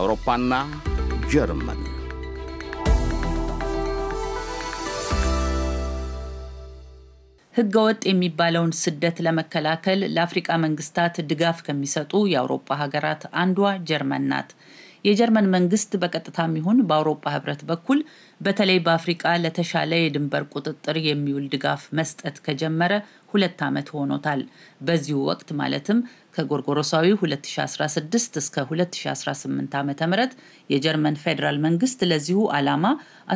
አውሮፓና ጀርመን ህገወጥ የሚባለውን ስደት ለመከላከል ለአፍሪቃ መንግስታት ድጋፍ ከሚሰጡ የአውሮፓ ሀገራት አንዷ ጀርመን ናት። የጀርመን መንግስት በቀጥታም ይሁን በአውሮፓ ህብረት በኩል በተለይ በአፍሪቃ ለተሻለ የድንበር ቁጥጥር የሚውል ድጋፍ መስጠት ከጀመረ ሁለት ዓመት ሆኖታል። በዚሁ ወቅት ማለትም ከጎርጎሮሳዊ 2016 እስከ 2018 ዓ ም የጀርመን ፌዴራል መንግስት ለዚሁ ዓላማ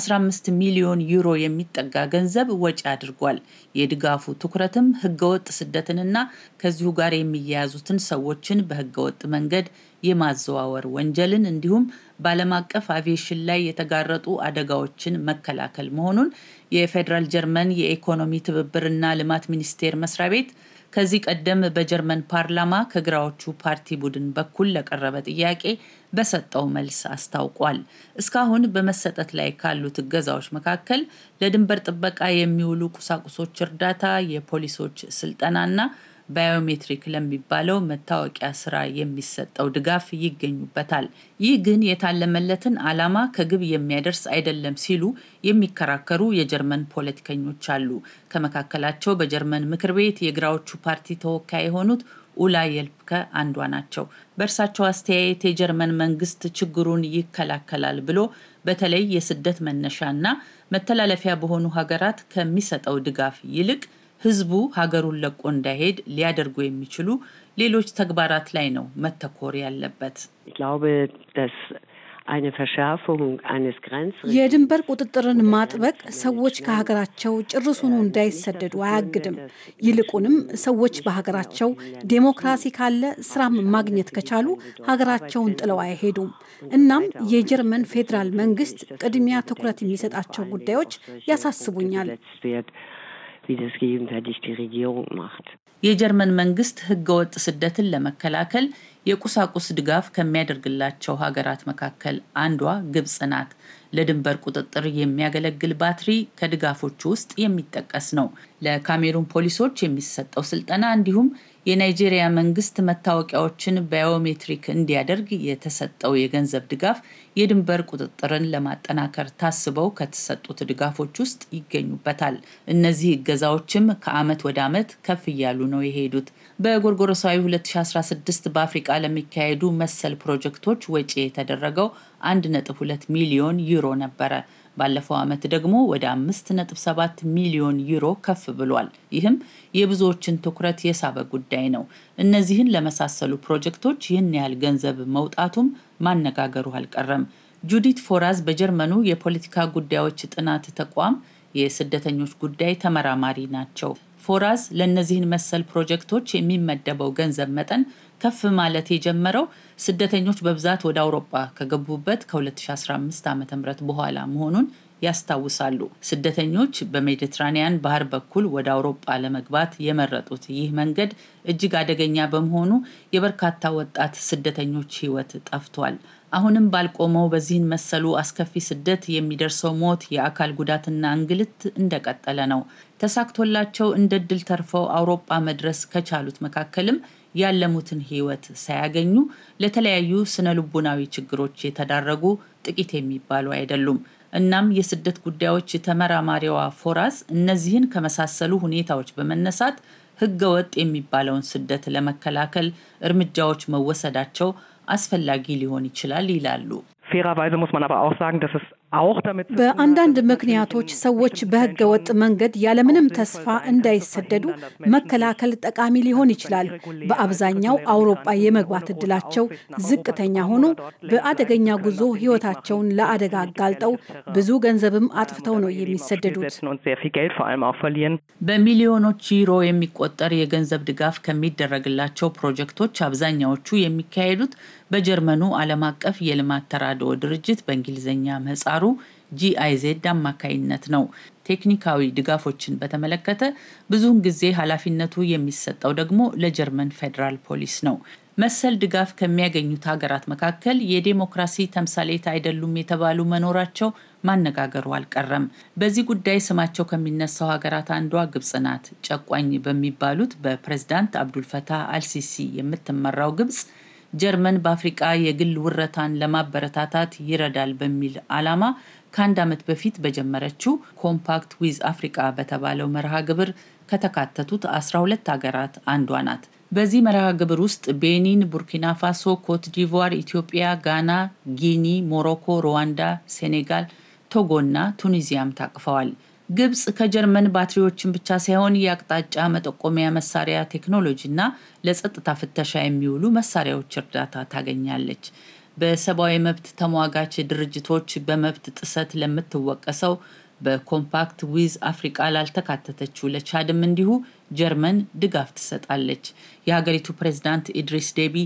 15 ሚሊዮን ዩሮ የሚጠጋ ገንዘብ ወጪ አድርጓል። የድጋፉ ትኩረትም ህገወጥ ስደትንና ከዚሁ ጋር የሚያያዙትን ሰዎችን በህገወጥ መንገድ የማዘዋወር ወንጀልን እንዲሁም በዓለም አቀፍ አቪዬሽን ላይ የተጋረጡ አደጋዎችን መከላከል መሆኑን የፌዴራል ጀርመን የኢኮኖሚ ትብብርና ልማት ሚኒስቴር መስሪያ ቤት ከዚህ ቀደም በጀርመን ፓርላማ ከግራዎቹ ፓርቲ ቡድን በኩል ለቀረበ ጥያቄ በሰጠው መልስ አስታውቋል። እስካሁን በመሰጠት ላይ ካሉት እገዛዎች መካከል ለድንበር ጥበቃ የሚውሉ ቁሳቁሶች እርዳታ፣ የፖሊሶች ስልጠናና ባዮሜትሪክ ለሚባለው መታወቂያ ስራ የሚሰጠው ድጋፍ ይገኙበታል። ይህ ግን የታለመለትን ዓላማ ከግብ የሚያደርስ አይደለም ሲሉ የሚከራከሩ የጀርመን ፖለቲከኞች አሉ። ከመካከላቸው በጀርመን ምክር ቤት የግራዎቹ ፓርቲ ተወካይ የሆኑት ኡላ የልፕከ አንዷ ናቸው። በእርሳቸው አስተያየት የጀርመን መንግስት ችግሩን ይከላከላል ብሎ በተለይ የስደት መነሻና መተላለፊያ በሆኑ ሀገራት ከሚሰጠው ድጋፍ ይልቅ ህዝቡ ሀገሩን ለቆ እንዳይሄድ ሊያደርጉ የሚችሉ ሌሎች ተግባራት ላይ ነው መተኮር ያለበት። የድንበር ቁጥጥርን ማጥበቅ ሰዎች ከሀገራቸው ጭርሱኑ እንዳይሰደዱ አያግድም። ይልቁንም ሰዎች በሀገራቸው ዴሞክራሲ ካለ ስራም ማግኘት ከቻሉ ሀገራቸውን ጥለው አይሄዱም። እናም የጀርመን ፌዴራል መንግስት ቅድሚያ ትኩረት የሚሰጣቸው ጉዳዮች ያሳስቡኛል። wie das die Regierung macht. የጀርመን መንግስት ህገወጥ ስደትን ለመከላከል የቁሳቁስ ድጋፍ ከሚያደርግላቸው ሀገራት መካከል አንዷ ግብጽ ናት። ለድንበር ቁጥጥር የሚያገለግል ባትሪ ከድጋፎቹ ውስጥ የሚጠቀስ ነው። ለካሜሩን ፖሊሶች የሚሰጠው ስልጠና እንዲሁም የናይጄሪያ መንግስት መታወቂያዎችን ባዮሜትሪክ እንዲያደርግ የተሰጠው የገንዘብ ድጋፍ የድንበር ቁጥጥርን ለማጠናከር ታስበው ከተሰጡት ድጋፎች ውስጥ ይገኙበታል። እነዚህ እገዛዎችም ከአመት ወደ ዓመት ከፍ እያሉ ነው የሄዱት። በጎርጎረሳዊ 2016 በአፍሪቃ ለሚካሄዱ መሰል ፕሮጀክቶች ወጪ የተደረገው 1.2 ሚሊዮን ዩሮ ነበረ። ባለፈው ዓመት ደግሞ ወደ 5.7 ሚሊዮን ዩሮ ከፍ ብሏል። ይህም የብዙዎችን ትኩረት የሳበ ጉዳይ ነው። እነዚህን ለመሳሰሉ ፕሮጀክቶች ይህን ያህል ገንዘብ መውጣቱም ማነጋገሩ አልቀረም። ጁዲት ፎራዝ በጀርመኑ የፖለቲካ ጉዳዮች ጥናት ተቋም የስደተኞች ጉዳይ ተመራማሪ ናቸው። ፎራስ ለእነዚህን መሰል ፕሮጀክቶች የሚመደበው ገንዘብ መጠን ከፍ ማለት የጀመረው ስደተኞች በብዛት ወደ አውሮፓ ከገቡበት ከ2015 ም በኋላ መሆኑን ያስታውሳሉ። ስደተኞች በሜዲትራኒያን ባህር በኩል ወደ አውሮፓ ለመግባት የመረጡት ይህ መንገድ እጅግ አደገኛ በመሆኑ የበርካታ ወጣት ስደተኞች ሕይወት ጠፍቷል። አሁንም ባልቆመው በዚህን መሰሉ አስከፊ ስደት የሚደርሰው ሞት፣ የአካል ጉዳትና እንግልት እንደቀጠለ ነው። ተሳክቶላቸው እንደ ድል ተርፈው አውሮፓ መድረስ ከቻሉት መካከልም ያለሙትን ህይወት ሳያገኙ ለተለያዩ ስነ ልቡናዊ ችግሮች የተዳረጉ ጥቂት የሚባሉ አይደሉም። እናም የስደት ጉዳዮች ተመራማሪዋ ፎራስ እነዚህን ከመሳሰሉ ሁኔታዎች በመነሳት ህገወጥ የሚባለውን ስደት ለመከላከል እርምጃዎች መወሰዳቸው አስፈላጊ ሊሆን ይችላል ይላሉ። fairerweise ሙስ ማን አበር አውስ sagen, ደስ ስ በአንዳንድ ምክንያቶች ሰዎች በህገ ወጥ መንገድ ያለምንም ተስፋ እንዳይሰደዱ መከላከል ጠቃሚ ሊሆን ይችላል። በአብዛኛው አውሮፓ የመግባት እድላቸው ዝቅተኛ ሆኖ በአደገኛ ጉዞ ህይወታቸውን ለአደጋ አጋልጠው ብዙ ገንዘብም አጥፍተው ነው የሚሰደዱት። በሚሊዮኖች ዩሮ የሚቆጠር የገንዘብ ድጋፍ ከሚደረግላቸው ፕሮጀክቶች አብዛኛዎቹ የሚካሄዱት በጀርመኑ ዓለም አቀፍ የልማት ተራድኦ ድርጅት በእንግሊዝኛ ምህጻሩ ምህጻሩ ጂአይዜድ አማካይነት ነው። ቴክኒካዊ ድጋፎችን በተመለከተ ብዙውን ጊዜ ኃላፊነቱ የሚሰጠው ደግሞ ለጀርመን ፌዴራል ፖሊስ ነው። መሰል ድጋፍ ከሚያገኙት ሀገራት መካከል የዴሞክራሲ ተምሳሌት አይደሉም የተባሉ መኖራቸው ማነጋገሩ አልቀረም። በዚህ ጉዳይ ስማቸው ከሚነሳው ሀገራት አንዷ ግብጽ ናት። ጨቋኝ በሚባሉት በፕሬዝዳንት አብዱልፈታህ አልሲሲ የምትመራው ግብጽ ጀርመን በአፍሪቃ የግል ውረታን ለማበረታታት ይረዳል በሚል ዓላማ ከአንድ ዓመት በፊት በጀመረችው ኮምፓክት ዊዝ አፍሪቃ በተባለው መርሃ ግብር ከተካተቱት 12 ሀገራት አንዷ ናት። በዚህ መርሃ ግብር ውስጥ ቤኒን፣ ቡርኪና ፋሶ፣ ኮት ዲቮር፣ ኢትዮጵያ፣ ጋና፣ ጊኒ፣ ሞሮኮ፣ ሩዋንዳ፣ ሴኔጋል፣ ቶጎ እና ቱኒዚያም ታቅፈዋል። ግብጽ ከጀርመን ባትሪዎችን ብቻ ሳይሆን የአቅጣጫ መጠቆሚያ መሳሪያ ቴክኖሎጂና ለጸጥታ ፍተሻ የሚውሉ መሳሪያዎች እርዳታ ታገኛለች። በሰብአዊ መብት ተሟጋች ድርጅቶች በመብት ጥሰት ለምትወቀሰው በኮምፓክት ዊዝ አፍሪቃ ላልተካተተችው ለቻድም እንዲሁ ጀርመን ድጋፍ ትሰጣለች። የሀገሪቱ ፕሬዝዳንት ኢድሪስ ዴቢ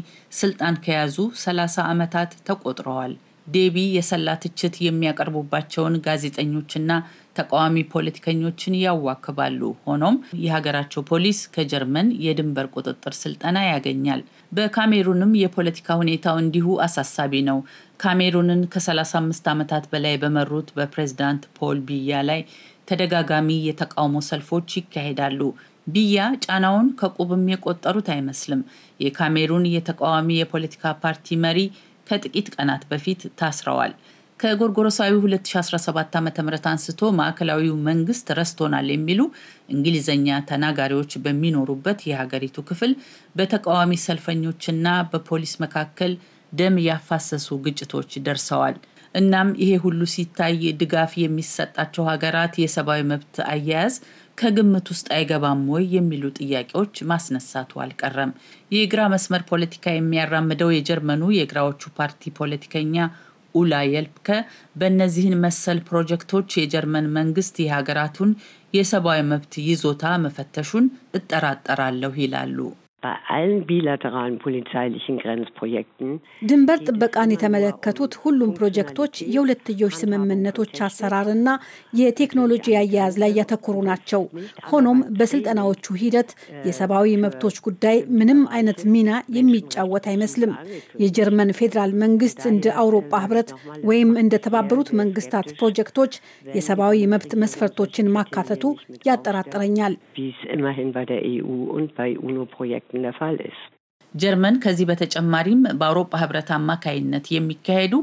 ስልጣን ከያዙ 30 ዓመታት ተቆጥረዋል። ዴቢ የሰላ ትችት የሚያቀርቡባቸውን ጋዜጠኞችና ተቃዋሚ ፖለቲከኞችን ያዋክባሉ። ሆኖም የሀገራቸው ፖሊስ ከጀርመን የድንበር ቁጥጥር ስልጠና ያገኛል። በካሜሩንም የፖለቲካ ሁኔታው እንዲሁ አሳሳቢ ነው። ካሜሩንን ከ35 ዓመታት በላይ በመሩት በፕሬዝዳንት ፖል ቢያ ላይ ተደጋጋሚ የተቃውሞ ሰልፎች ይካሄዳሉ። ቢያ ጫናውን ከቁብም የቆጠሩት አይመስልም። የካሜሩን የተቃዋሚ የፖለቲካ ፓርቲ መሪ ከጥቂት ቀናት በፊት ታስረዋል። ከጎርጎሮሳዊ 2017 ዓም አንስቶ ማዕከላዊው መንግስት ረስቶናል የሚሉ እንግሊዘኛ ተናጋሪዎች በሚኖሩበት የሀገሪቱ ክፍል በተቃዋሚ ሰልፈኞችና በፖሊስ መካከል ደም ያፋሰሱ ግጭቶች ደርሰዋል። እናም ይሄ ሁሉ ሲታይ ድጋፍ የሚሰጣቸው ሀገራት የሰብአዊ መብት አያያዝ ከግምት ውስጥ አይገባም ወይ የሚሉ ጥያቄዎች ማስነሳቱ አልቀረም። የግራ መስመር ፖለቲካ የሚያራምደው የጀርመኑ የግራዎቹ ፓርቲ ፖለቲከኛ ኡላ የልፕከ በእነዚህን መሰል ፕሮጀክቶች የጀርመን መንግስት የሀገራቱን የሰብአዊ መብት ይዞታ መፈተሹን እጠራጠራለሁ ይላሉ። bei allen bilateralen polizeilichen Grenzprojekten ድንበር ጥበቃን የተመለከቱት ሁሉም ፕሮጀክቶች የሁለትዮሽ ስምምነቶች አሰራርና የቴክኖሎጂ አያያዝ ላይ ያተኮሩ ናቸው። ሆኖም በስልጠናዎቹ uh, ሂደት የሰብአዊ uh, መብቶች ጉዳይ ምንም አይነት ሚና የሚጫወት አይመስልም። የጀርመን ፌዴራል መንግስት እንደ አውሮፓ ህብረት ወይም እንደ ተባበሩት መንግስታት ፕሮጀክቶች የሰብአዊ መብት መስፈርቶችን ማካተቱ ያጠራጥረኛል። der Fall ist. ጀርመን ከዚህ በተጨማሪም በአውሮፓ ህብረት አማካይነት የሚካሄዱ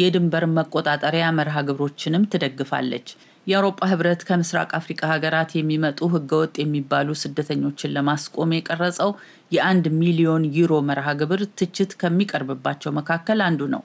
የድንበር መቆጣጠሪያ መርሃ ግብሮችንም ትደግፋለች። የአውሮፓ ህብረት ከምስራቅ አፍሪካ ሀገራት የሚመጡ ህገወጥ የሚባሉ ስደተኞችን ለማስቆም የቀረጸው የአንድ ሚሊዮን ዩሮ መርሃ ግብር ትችት ከሚቀርብባቸው መካከል አንዱ ነው።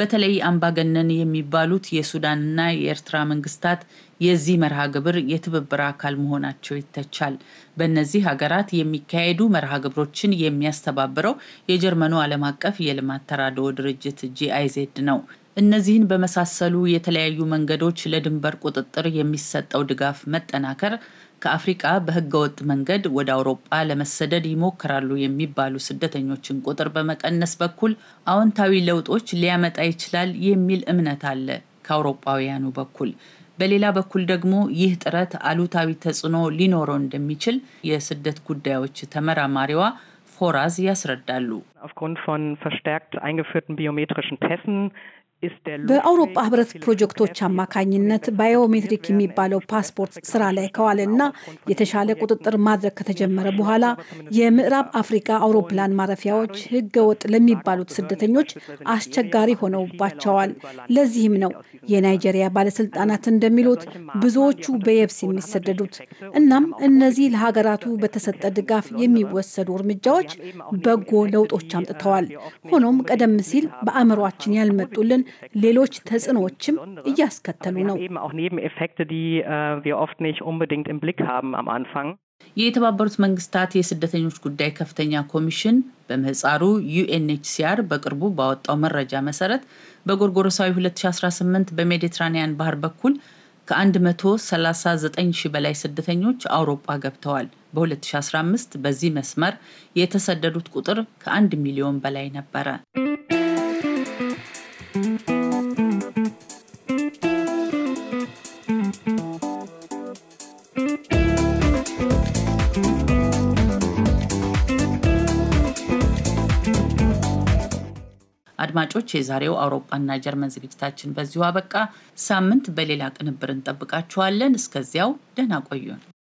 በተለይ አምባገነን የሚባሉት የሱዳንና የኤርትራ መንግስታት የዚህ መርሃ ግብር የትብብር አካል መሆናቸው ይተቻል። በእነዚህ ሀገራት የሚካሄዱ መርሃ ግብሮችን የሚያስተባብረው የጀርመኑ ዓለም አቀፍ የልማት ተራድኦ ድርጅት ጂአይዜድ ነው። እነዚህን በመሳሰሉ የተለያዩ መንገዶች ለድንበር ቁጥጥር የሚሰጠው ድጋፍ መጠናከር ከአፍሪቃ በህገወጥ መንገድ ወደ አውሮጳ ለመሰደድ ይሞክራሉ የሚባሉ ስደተኞችን ቁጥር በመቀነስ በኩል አዎንታዊ ለውጦች ሊያመጣ ይችላል የሚል እምነት አለ ከአውሮጳውያኑ በኩል። በሌላ በኩል ደግሞ ይህ ጥረት አሉታዊ ተጽዕኖ ሊኖረው እንደሚችል የስደት ጉዳዮች ተመራማሪዋ ፎራዝ ያስረዳሉ። በአውሮፓ ህብረት ፕሮጀክቶች አማካኝነት ባዮሜትሪክ የሚባለው ፓስፖርት ስራ ላይ ከዋለና የተሻለ ቁጥጥር ማድረግ ከተጀመረ በኋላ የምዕራብ አፍሪካ አውሮፕላን ማረፊያዎች ህገወጥ ለሚባሉት ስደተኞች አስቸጋሪ ሆነውባቸዋል። ለዚህም ነው የናይጄሪያ ባለስልጣናት እንደሚሉት ብዙዎቹ በየብስ የሚሰደዱት። እናም እነዚህ ለሀገራቱ በተሰጠ ድጋፍ የሚወሰዱ እርምጃዎች በጎ ለውጦች አምጥተዋል። ሆኖም ቀደም ሲል በአእምሯችን ያልመጡልን ሌሎች ተጽዕኖዎችም እያስከተሉ ነው። äh, የተባበሩት መንግስታት የስደተኞች ጉዳይ ከፍተኛ ኮሚሽን በምህፃሩ ዩኤንኤችሲአር በቅርቡ ባወጣው መረጃ መሰረት በጎርጎሮሳዊ 2018 በሜዲትራኒያን ባህር በኩል ከ139 በላይ ስደተኞች አውሮፓ ገብተዋል። በ2015 በዚህ መስመር የተሰደዱት ቁጥር ከ1 ሚሊዮን በላይ ነበረ። አድማጮች፣ የዛሬው አውሮፓና ጀርመን ዝግጅታችን በዚሁ አበቃ። ሳምንት በሌላ ቅንብር እንጠብቃችኋለን። እስከዚያው ደህና ቆዩን።